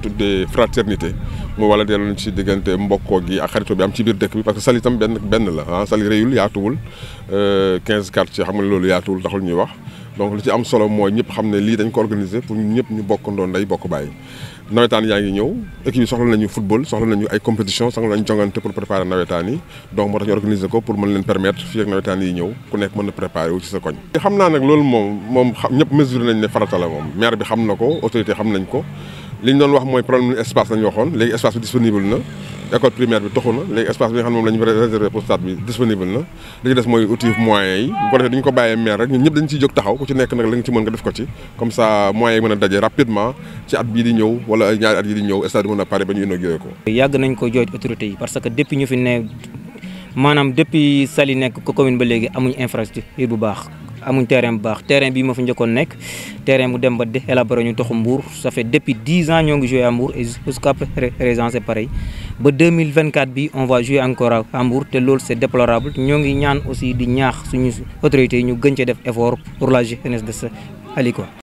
tuddee fraternité mu wala delluñ ci diggante mbokkoo gi ak xarito bi am ci biir dëkk bi parce que Saly itam benn benn la ah Saly réyul yaatuwul euh, quinze quartiers xam nga ñuy wax donc li ci am solo mooy ñëpp xam ne lii dañ ko organiser pour ñëpp ñu bokk ndoon day bokk bàyyi yaa ngi ñëw équipe yi soxla nañu football nañu ay compétition soxla nañu jongante pour préparer nawetaan pour mën leen permettre fii ak nawetaan yi ñëw ku nekk mën naa nag loolu moom moom ñëpp mesure nañ ne farata la moom maire bi xam na ko autorité xam nañ ko li ñu doon wax mooy problème espace lañu waxoon léegi espace bi disponible na école primaire bi toxu na léegi espace bi nga xam ne moom la ñu mooy outil yi bu rek ñun ñëpp ci nekk nag la nga ci nga def ko ci comme ça a daje rapidement ci at bii di ñëw wala ñaari at yi di ñëw stade bi a pare ba ñu inauguré ko yàgg nañ ko jooj autorité yi parce que depuis ñu fi ne maanaam depuis Saly nekk ko commune ba léegi amuñ infrastructure bu baax amuñ terrain bu baax terrain bi ma fa njëkkoon nekk terrain bu dem ba de élaboré ñu toxu Mbour ça fait depuis dix ans ñoo ngi joué à Mbour et jusqu'à présent c'est pareil ba 2024 bi on va jouer encore à Mbour te loolu c'est déplorable ñoo ngi ñaan aussi di ñaax suñu autorités yi ñu gën cee def effort pour la jeunesse de Saly quoi